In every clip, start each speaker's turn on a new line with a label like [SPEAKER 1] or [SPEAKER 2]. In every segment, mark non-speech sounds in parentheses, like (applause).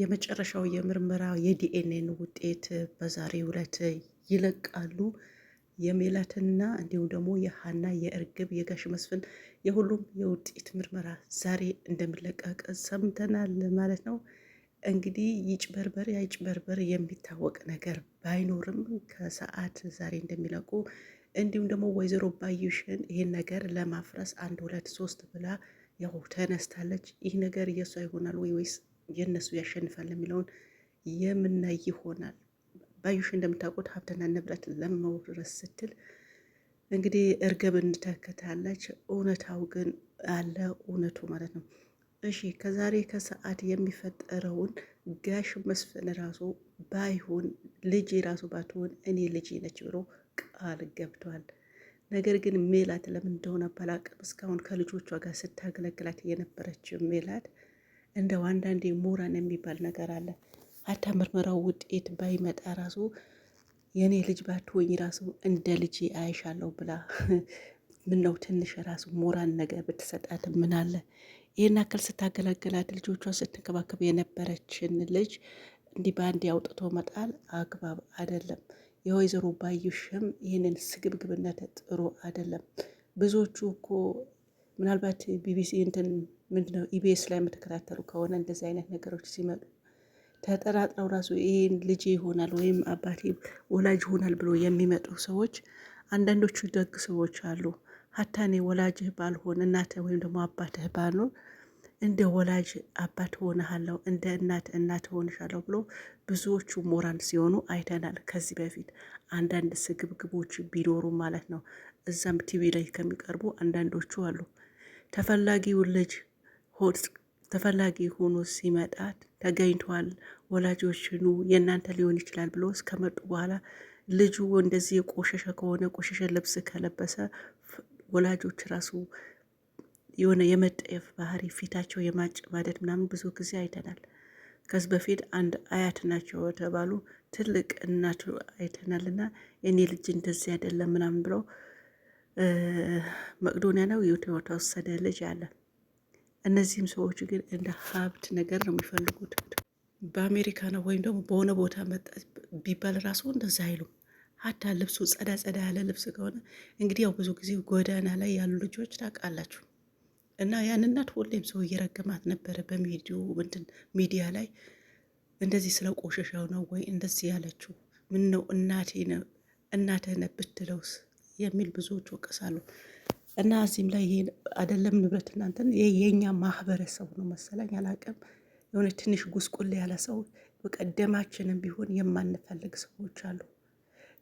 [SPEAKER 1] የመጨረሻው የምርመራ የዲኤንኤን ውጤት በዛሬው ዕለት ይለቃሉ። የሜላትና እንዲሁም ደግሞ የሀና የእርግብ የጋሽ መስፍን የሁሉም የውጤት ምርመራ ዛሬ እንደሚለቀቅ ሰምተናል ማለት ነው። እንግዲህ ይጭበርበር ያይጭበርበር የሚታወቅ ነገር ባይኖርም ከሰዓት ዛሬ እንደሚለቁ እንዲሁም ደግሞ ወይዘሮ ባዩሽን ይህን ነገር ለማፍረስ አንድ ሁለት ሶስት ብላ ያው ተነስታለች። ይህ ነገር የእሷ ይሆናል ወይ ወይስ የእነሱ ያሸንፋል የሚለውን የምናይ ይሆናል። ባዩሽ እንደምታውቁት ሀብትና ንብረት ለመውረስ ስትል እንግዲህ እርግብ እንተከታለች። እውነታው ግን አለ እውነቱ ማለት ነው። እሺ ከዛሬ ከሰዓት የሚፈጠረውን ጋሽ መስፍን ራሱ ባይሆን ልጅ ራሱ ባትሆን እኔ ልጅ ነች ብሎ ቃል ገብቷል። ነገር ግን ሜላት ለምን እንደሆነ ባላቅም እስካሁን ከልጆቿ ጋር ስታገለግላት የነበረች ሜላት እንደው አንዳንዴ ሞራን የሚባል ነገር አለ። ሀታ ምርመራው ውጤት ባይመጣ ራሱ የእኔ ልጅ ባትሆኝ ራሱ እንደ ልጅ አይሻለው ብላ (laughs) ምነው ትንሽ ራሱ ሞራን ነገር ብትሰጣት ምን አለ? ይህን አክል ስታገለግላት ልጆቿን ስትንከባከብ የነበረችን ልጅ እንዲህ በአንድ ያውጥቶ መጣል አግባብ አይደለም። የወይዘሮ ባዩሽም ይህንን ስግብግብነት ጥሩ አይደለም። ብዙዎቹ እኮ ምናልባት ቢቢሲ እንትን ምንድነው ኢቢኤስ ላይ የምትከታተሉ ከሆነ እንደዚህ አይነት ነገሮች ሲመጡ ተጠራጥረው ራሱ ይህን ልጅ ይሆናል ወይም አባቴ ወላጅ ይሆናል ብሎ የሚመጡ ሰዎች አንዳንዶቹ ደግ ሰዎች አሉ። ሀታ እኔ ወላጅህ ባልሆን እናተ ወይም ደግሞ አባትህ ባልኖር እንደ ወላጅ አባት ሆነሃለው እንደ እናት እናት ሆንሻለሁ ብሎ ብዙዎቹ ሞራል ሲሆኑ አይተናል። ከዚህ በፊት አንዳንድ ስግብግቦች ቢኖሩ ማለት ነው እዛም ቲቪ ላይ ከሚቀርቡ አንዳንዶቹ አሉ። ተፈላጊውን ልጅ ሆድ ተፈላጊ ሆኖ ሲመጣ ተገኝቷል፣ ወላጆችኑ የእናንተ ሊሆን ይችላል ብሎ እስከመጡ በኋላ ልጁ እንደዚህ የቆሸሸ ከሆነ ቆሸሸ ልብስ ከለበሰ ወላጆች ራሱ የሆነ የመጠየፍ ባህሪ ፊታቸው የማጨማደድ ምናምን ብዙ ጊዜ አይተናል። ከዚህ በፊት አንድ አያት ናቸው የተባሉ ትልቅ እናቱ አይተናልና የኔ ልጅ እንደዚህ አይደለም ምናምን ብለው መቅዶኒያ ነው የሆነ ተወሰደ ልጅ አለ። እነዚህም ሰዎች ግን እንደ ሀብት ነገር ነው የሚፈልጉት። በአሜሪካ ነው ወይም ደግሞ በሆነ ቦታ መጣ ቢባል ራሱ እንደዛ አይሉ። ሀታ ልብሱ ጸዳ ጸዳ ያለ ልብስ ከሆነ እንግዲህ ያው ብዙ ጊዜ ጎዳና ላይ ያሉ ልጆች ታውቃላችሁ። እና ያን እናት ሁሌም ሰው እየረገማት ነበረ በሚዲዮ ምንድን ሚዲያ ላይ እንደዚህ ስለ ቆሸሻው ነው ወይ እንደዚህ ያለችው ምን ነው እናቴ ነው ብትለውስ የሚል ብዙዎች ወቀሳሉ። እና እዚህም ላይ ይሄ አይደለም ንብረት እናንተን የኛ ማህበረሰቡ ነው መሰለኝ አላውቅም። የሆነ ትንሽ ጉስቁል ያለ ሰው በቀደማችንም ቢሆን የማንፈልግ ሰዎች አሉ።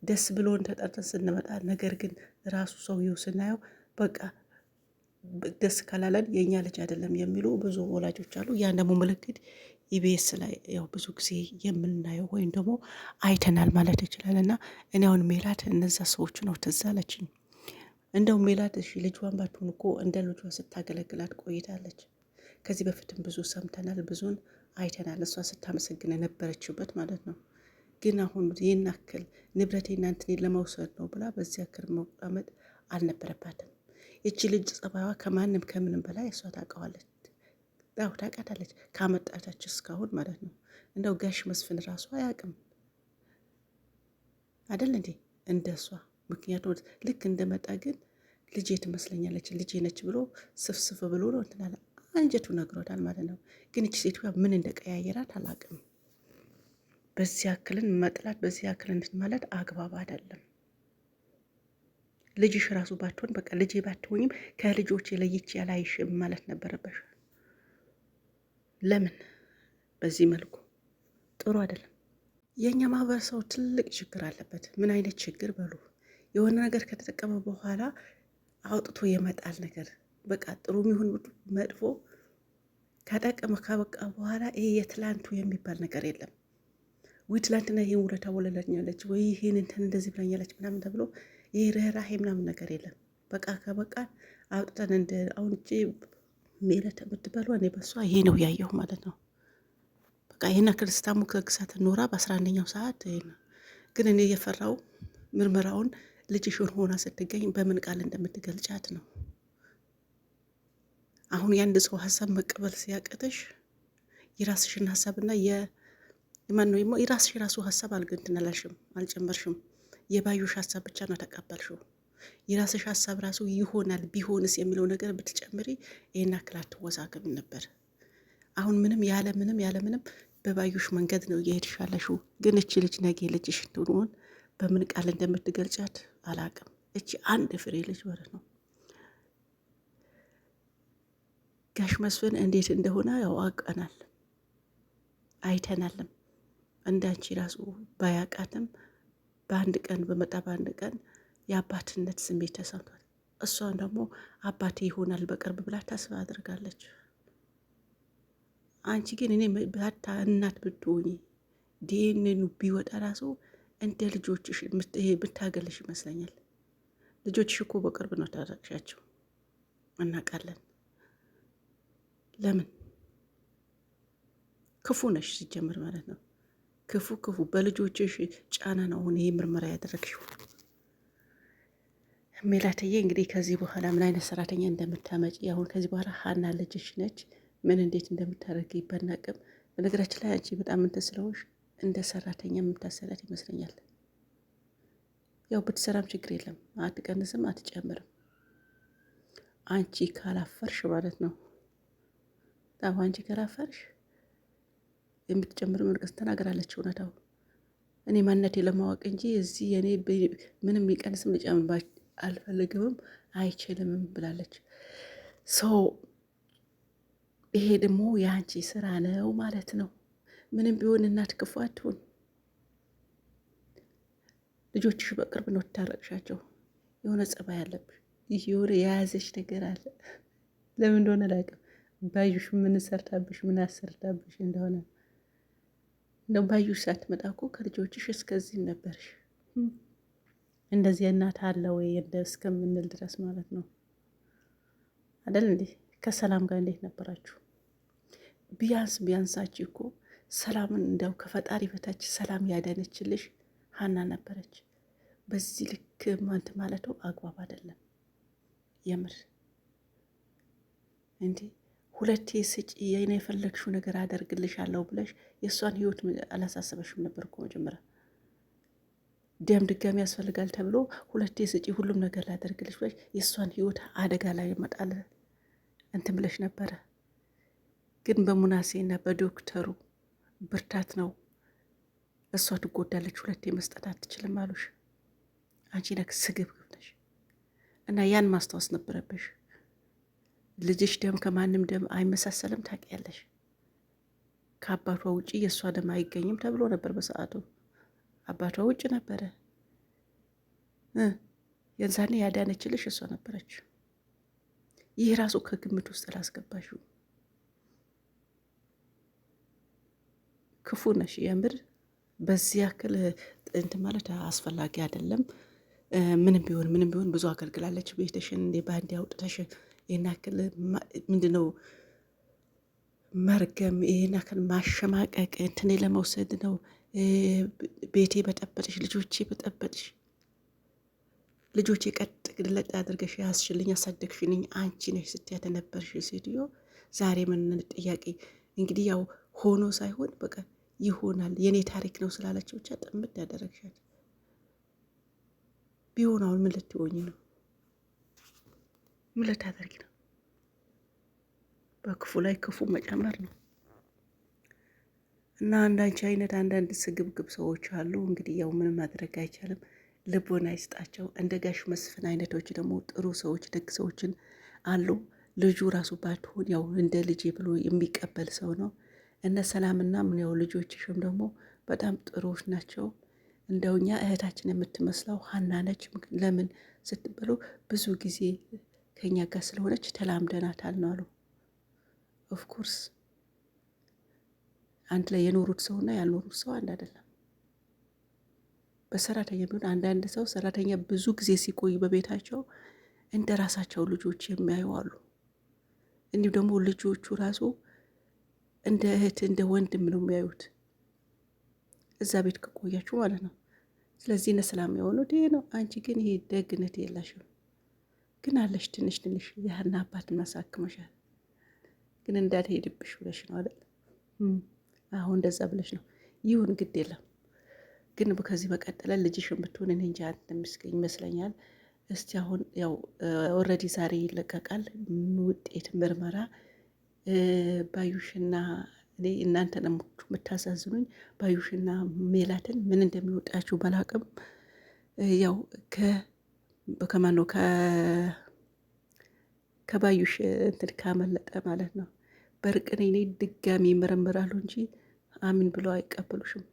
[SPEAKER 1] ደስ ብሎን ተጠርተን ስንመጣ ነገር ግን ራሱ ሰውየው ስናየው በቃ ደስ ካላለን የእኛ ልጅ አይደለም የሚሉ ብዙ ወላጆች አሉ። ያን ደግሞ ምልክት ኢቢኤስ ላይ ያው ብዙ ጊዜ የምናየው ወይም ደግሞ አይተናል ማለት ይችላል። እና እኔ አሁን ሜላት እነዛ ሰዎች ነው ትዝ አለችኝ። እንደው ሜላት እሺ ልጇን ባትሆን እኮ እንደ ልጇ ስታገለግላት ቆይታለች። ከዚህ በፊትም ብዙ ሰምተናል፣ ብዙን አይተናል። እሷ ስታመሰግን የነበረችበት ማለት ነው። ግን አሁን ይህን አክል ንብረቴ እናንትን ለመውሰድ ነው ብላ በዚህ አክል መቋመጥ አልነበረባትም። ይቺ ልጅ ጸባይዋ ከማንም ከምንም በላይ እሷ ታውቀዋለች። ያው ታውቃታለች፣ ካመጣቻች እስካሁን ማለት ነው። እንደው ጋሽ መስፍን ራሱ አያውቅም አደል እንዴ? እንደ እሷ ምክንያቱም ልክ እንደመጣ ግን ልጄ ትመስለኛለች ልጄ ነች ብሎ ስፍስፍ ብሎ ነው እንትን አንጀቱ ነግሮታል ማለት ነው። ግን እች ሴትዮዋ ምን እንደቀያየራት አላውቅም። በዚህ ያክልን መጥላት፣ በዚህ ያክልን እንትን ማለት አግባብ አይደለም። ልጅሽ ራሱ ባትሆን በቃ ልጄ ባትሆኝም ከልጆች ለይቼ አላይሽም ማለት ነበረበሽ። ለምን በዚህ መልኩ ጥሩ አይደለም። የእኛ ማህበረሰቡ ትልቅ ችግር አለበት። ምን አይነት ችግር በሉ፣ የሆነ ነገር ከተጠቀመ በኋላ አውጥቶ የመጣል ነገር በቃ ጥሩ የሚሆን መጥፎ ከጠቀመ ካበቃ በኋላ ይሄ የትላንቱ የሚባል ነገር የለም። ወይ ትላንትና ይሄን ውለታ ወለለኛለች፣ ወይ ይሄን እንትን እንደዚህ ብለኛለች ምናምን ተብሎ ይሄ ርኅራሄ ምናምን ነገር የለም። በቃ ከበቃ አውጥተን እንደ አሁን ሜላት የምትባለው እኔ በሷ ይሄ ነው ያየሁ ማለት ነው። በቃ ይህን ክርስታሙ ከግሳት ኖራ በአስራ አንደኛው ሰዓት ግን እኔ የፈራው ምርመራውን ልጅሽን ሆና ስትገኝ በምን ቃል እንደምትገልጫት ነው። አሁን የአንድ ሰው ሀሳብ መቀበል ሲያቅትሽ የራስሽን ሀሳብና የማን ነው የራስሽ የራሱ ሀሳብ አልግንትናላሽም አልጨመርሽም። የባዩሽ ሀሳብ ብቻ ነው ተቀበልሽው። የራስሽ ሀሳብ ራሱ ይሆናል ቢሆንስ የሚለው ነገር ብትጨምሪ ይህን አክላት አትወዛገብ ነበር። አሁን ምንም ያለ ምንም ያለ ምንም በባዩሽ መንገድ ነው እየሄድሽ ያለሽው። ግን እቺ ልጅ ነገ ልጅሽ እንደሆን በምን ቃል እንደምትገልጫት አላቅም። እቺ አንድ ፍሬ ልጅ ማለት ነው። ጋሽ መስፍን እንዴት እንደሆነ ያው አውቀናል አይተናልም። እንዳንቺ ራሱ ባያቃትም በአንድ ቀን በመጣ በአንድ ቀን የአባትነት ስሜት ተሰምቷል። እሷን ደግሞ አባቴ ይሆናል በቅርብ ብላ ተስፋ አድርጋለች። አንቺ ግን እኔ በታ እናት ብትሆኚ ዲኤንኤኑ ቢወጣ ራሱ እንደ ልጆችሽ ብታገልሽ ይመስለኛል። ልጆችሽ እኮ በቅርብ ነው ታረቅሻቸው፣ እናውቃለን። ለምን ክፉ ነሽ ሲጀምር ማለት ነው። ክፉ ክፉ በልጆችሽ ጫና ነው አሁን ይሄ ምርመራ ያደረግሽው። ሜላትዬ እንግዲህ ከዚህ በኋላ ምን አይነት ሰራተኛ እንደምታመጪ አሁን ከዚህ በኋላ ሀና ልጅሽ ነች። ምን እንዴት እንደምታደርግ ይበናቅም። በነገራችን ላይ አንቺ በጣም እንትን ስለሆንሽ እንደ ሰራተኛ የምታሰራት ይመስለኛል። ያው ብትሰራም ችግር የለም አትቀንስም፣ አትጨምርም። አንቺ ካላፈርሽ ማለት ነው። በጣም አንቺ ካላፈርሽ የምትጨምር ምንቀስ ተናገራለች። እውነታው እኔ ማንነቴ ለማወቅ እንጂ እዚህ እኔ ምንም ሊቀንስም ሊጨምር አልፈልግምም አይችልምም ብላለች። ሰው ይሄ ደግሞ የአንቺ ስራ ነው ማለት ነው። ምንም ቢሆን እናት ክፉ አትሁን። ልጆችሽ በቅርብ ነው ታረቅሻቸው። የሆነ ጸባይ አለብሽ። ይህ የሆነ የያዘች ነገር አለ። ለምን እንደሆነ ላቅም ባዩሽ ምን ሰርታብሽ ምን አሰርታብሽ እንደሆነ እንደው ባዩሽ ሳትመጣ እኮ ከልጆችሽ እስከዚህም ነበርሽ። እንደዚህ እናት አለ ወይ እስከምንል ድረስ ማለት ነው አደል እንዴ? ከሰላም ጋር እንዴት ነበራችሁ? ቢያንስ ቢያንሳችሁ እኮ ሰላምን እንዲያው ከፈጣሪ በታች ሰላም ያደነችልሽ ሀና ነበረች። በዚህ ልክ ማንት ማለቱ አግባብ አይደለም። የምር እንዲ ሁለቴ ስጭ የኔ የፈለግሽው ነገር አደርግልሽ አለው ብለሽ የእሷን ህይወት አላሳሰበሽም ነበር እኮ መጀመሪያ ደም ድጋሚ ያስፈልጋል ተብሎ ሁለቴ ስጪ ሁሉም ነገር ላደርግልሽ ብለሽ የእሷን ህይወት አደጋ ላይ ይመጣል እንትን ብለሽ ነበረ። ግን በሙናሴና በዶክተሩ ብርታት ነው እሷ ትጎዳለች፣ ሁለቴ መስጠት አትችልም አሉሽ። አንቺ ነክ ስግብግብ ነሽ እና ያን ማስታወስ ነበረብሽ። ልጅሽ ደም ከማንም ደም አይመሳሰልም ታውቂያለሽ። ከአባቷ ውጪ የእሷ ደም አይገኝም ተብሎ ነበር በሰዓቱ። አባቷ ውጭ ነበረ። የዛኔ ያዳነችልሽ እሷ ነበረች። ይህ ራሱ ከግምት ውስጥ ላስገባሽው። ክፉ ነሽ የምር በዚህ ያክል እንትን ማለት አስፈላጊ አይደለም። ምንም ቢሆን ምንም ቢሆን ብዙ አገልግላለች። ቤተሽን እንደ ባንዴ አውጥተሽ ይህን ያክል ምንድነው መርገም፣ ይህን ያክል ማሸማቀቅ እንትኔ ለመውሰድ ነው ቤቴ በጠበጥሽ፣ ልጆቼ በጠበጥሽ፣ ልጆቼ ቀጥ ግለጥ አድርገሽ ያስሽልኝ ያሳደግሽልኝ አንቺ ነሽ ስትያት ነበርሽ ሴትዮ። ዛሬ ምን ጥያቄ እንግዲህ ያው ሆኖ ሳይሆን በቃ ይሆናል የእኔ ታሪክ ነው ስላለችው ብቻ ጥምድ ያደረግሻል። ቢሆን አሁን ምን ልትሆኝ ነው? ምን ልታደርጊ ነው? በክፉ ላይ ክፉ መጨመር ነው። እና አንዳንቺ አይነት አንዳንድ ስግብግብ ሰዎች አሉ። እንግዲህ ያው ምንም ማድረግ አይቻልም፣ ልቦና ይስጣቸው። እንደ ጋሽ መስፍን አይነቶች ደግሞ ጥሩ ሰዎች፣ ደግ ሰዎችን አሉ። ልጁ ራሱ ባትሆን ያው እንደ ልጅ ብሎ የሚቀበል ሰው ነው። እነ ሰላምና ምን ያው ልጆችሽም ደግሞ በጣም ጥሩዎች ናቸው። እንደው እኛ እህታችን የምትመስለው ሀና ነች። ለምን ስትበሉ ብዙ ጊዜ ከኛ ጋር ስለሆነች ተላምደናታል ነው አሉ ኦፍኮርስ አንድ ላይ የኖሩት ሰውና ያልኖሩት ሰው አንድ አይደለም። በሰራተኛ ቢሆን አንዳንድ ሰው ሰራተኛ ብዙ ጊዜ ሲቆይ በቤታቸው እንደ ራሳቸው ልጆች የሚያዩ አሉ። እንዲሁም ደግሞ ልጆቹ ራሱ እንደ እህት እንደ ወንድም ነው የሚያዩት እዛ ቤት ከቆያችሁ ማለት ነው። ስለዚህ ነሰላም የሆኑት ይሄ ነው። አንቺ ግን ይሄ ደግነት የለሽም፣ ግን አለሽ ትንሽ ትንሽ ያህና አባት እናሳክመሻል፣ ግን እንዳትሄድብሽ ብለሽ ነው አይደል? አሁን እንደዛ ብለሽ ነው ይሁን ግድ የለም ግን ከዚህ በቀጠለ ልጅሽን ብትሆን እኔ እንጂ አንድ የሚስገኝ ይመስለኛል። እስቲ አሁን ያው ኦልሬዲ ዛሬ ይለቀቃል ውጤት ምርመራ ባዩሽና እኔ እናንተ ነሞቹ የምታሳዝኑኝ ባዩሽና ሜላትን ምን እንደሚወጣችሁ በላቅም ያው ከማን ነው ከባዩሽ እንትን ካመለጠ ማለት ነው በርቅን እኔ ድጋሚ ይመረምራሉ እንጂ አሚን ብለው አይቀበሉሽም።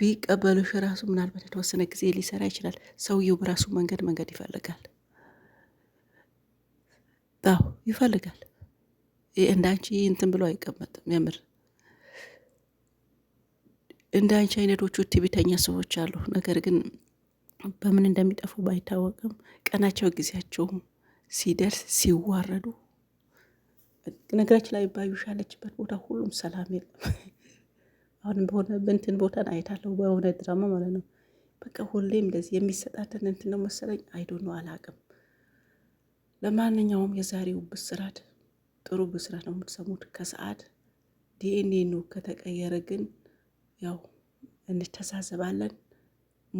[SPEAKER 1] ቢቀበሉሽ ራሱ ምናልባት የተወሰነ ጊዜ ሊሰራ ይችላል። ሰውየው በራሱ መንገድ መንገድ ይፈልጋል። ው ይፈልጋል። እንዳንቺ እንትን ብሎ አይቀመጥም። የምር እንዳንቺ አይነቶቹ ትዕቢተኛ ሰዎች አሉ። ነገር ግን በምን እንደሚጠፉ ባይታወቅም ቀናቸው ጊዜያቸው ሲደርስ ሲዋረዱ ነገራችን ላይ ባዩሽ ያለችበት ቦታ ሁሉም ሰላም የለም። አሁንም በሆነ በእንትን ቦታን አይታለሁ በሆነ ድራማ ማለት ነው። በቃ ሁሌም እንደዚህ የሚሰጣትን እንትን ነው መሰለኝ አይዶ ነው አላቅም። ለማንኛውም የዛሬው ብስራት ጥሩ ብስራት ነው የምትሰሙት። ከሰዓት ዲኤንኤ ነው ከተቀየረ ግን ያው እንተሳዘባለን።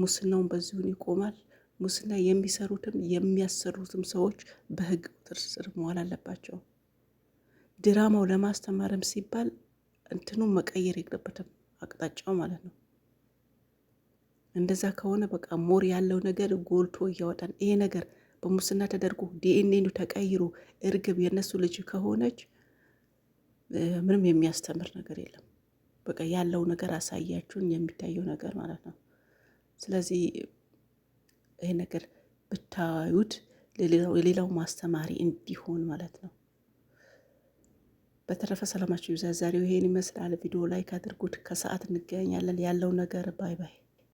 [SPEAKER 1] ሙስናውን በዚሁን ይቆማል። ሙስና የሚሰሩትም የሚያሰሩትም ሰዎች በህግ ቁጥጥር ስር መዋል አለባቸው። ድራማው ለማስተማርም ሲባል እንትኑ መቀየር የለበትም አቅጣጫው ማለት ነው። እንደዛ ከሆነ በቃ ሞር ያለው ነገር ጎልቶ እያወጣል። ይሄ ነገር በሙስና ተደርጎ ዲኤንኤኑ ተቀይሮ እርግብ የእነሱ ልጅ ከሆነች ምንም የሚያስተምር ነገር የለም። በቃ ያለው ነገር አሳያችሁን፣ የሚታየው ነገር ማለት ነው። ስለዚህ ይሄ ነገር ብታዩት የሌላው ማስተማሪ እንዲሆን ማለት ነው። በተረፈ ሰላማችሁ ይብዛ። ዛሬው ይሄን ይመስላል። ቪዲዮ ላይክ አድርጉት። ከሰዓት እንገናኛለን። ያለው ነገር ባይ ባይ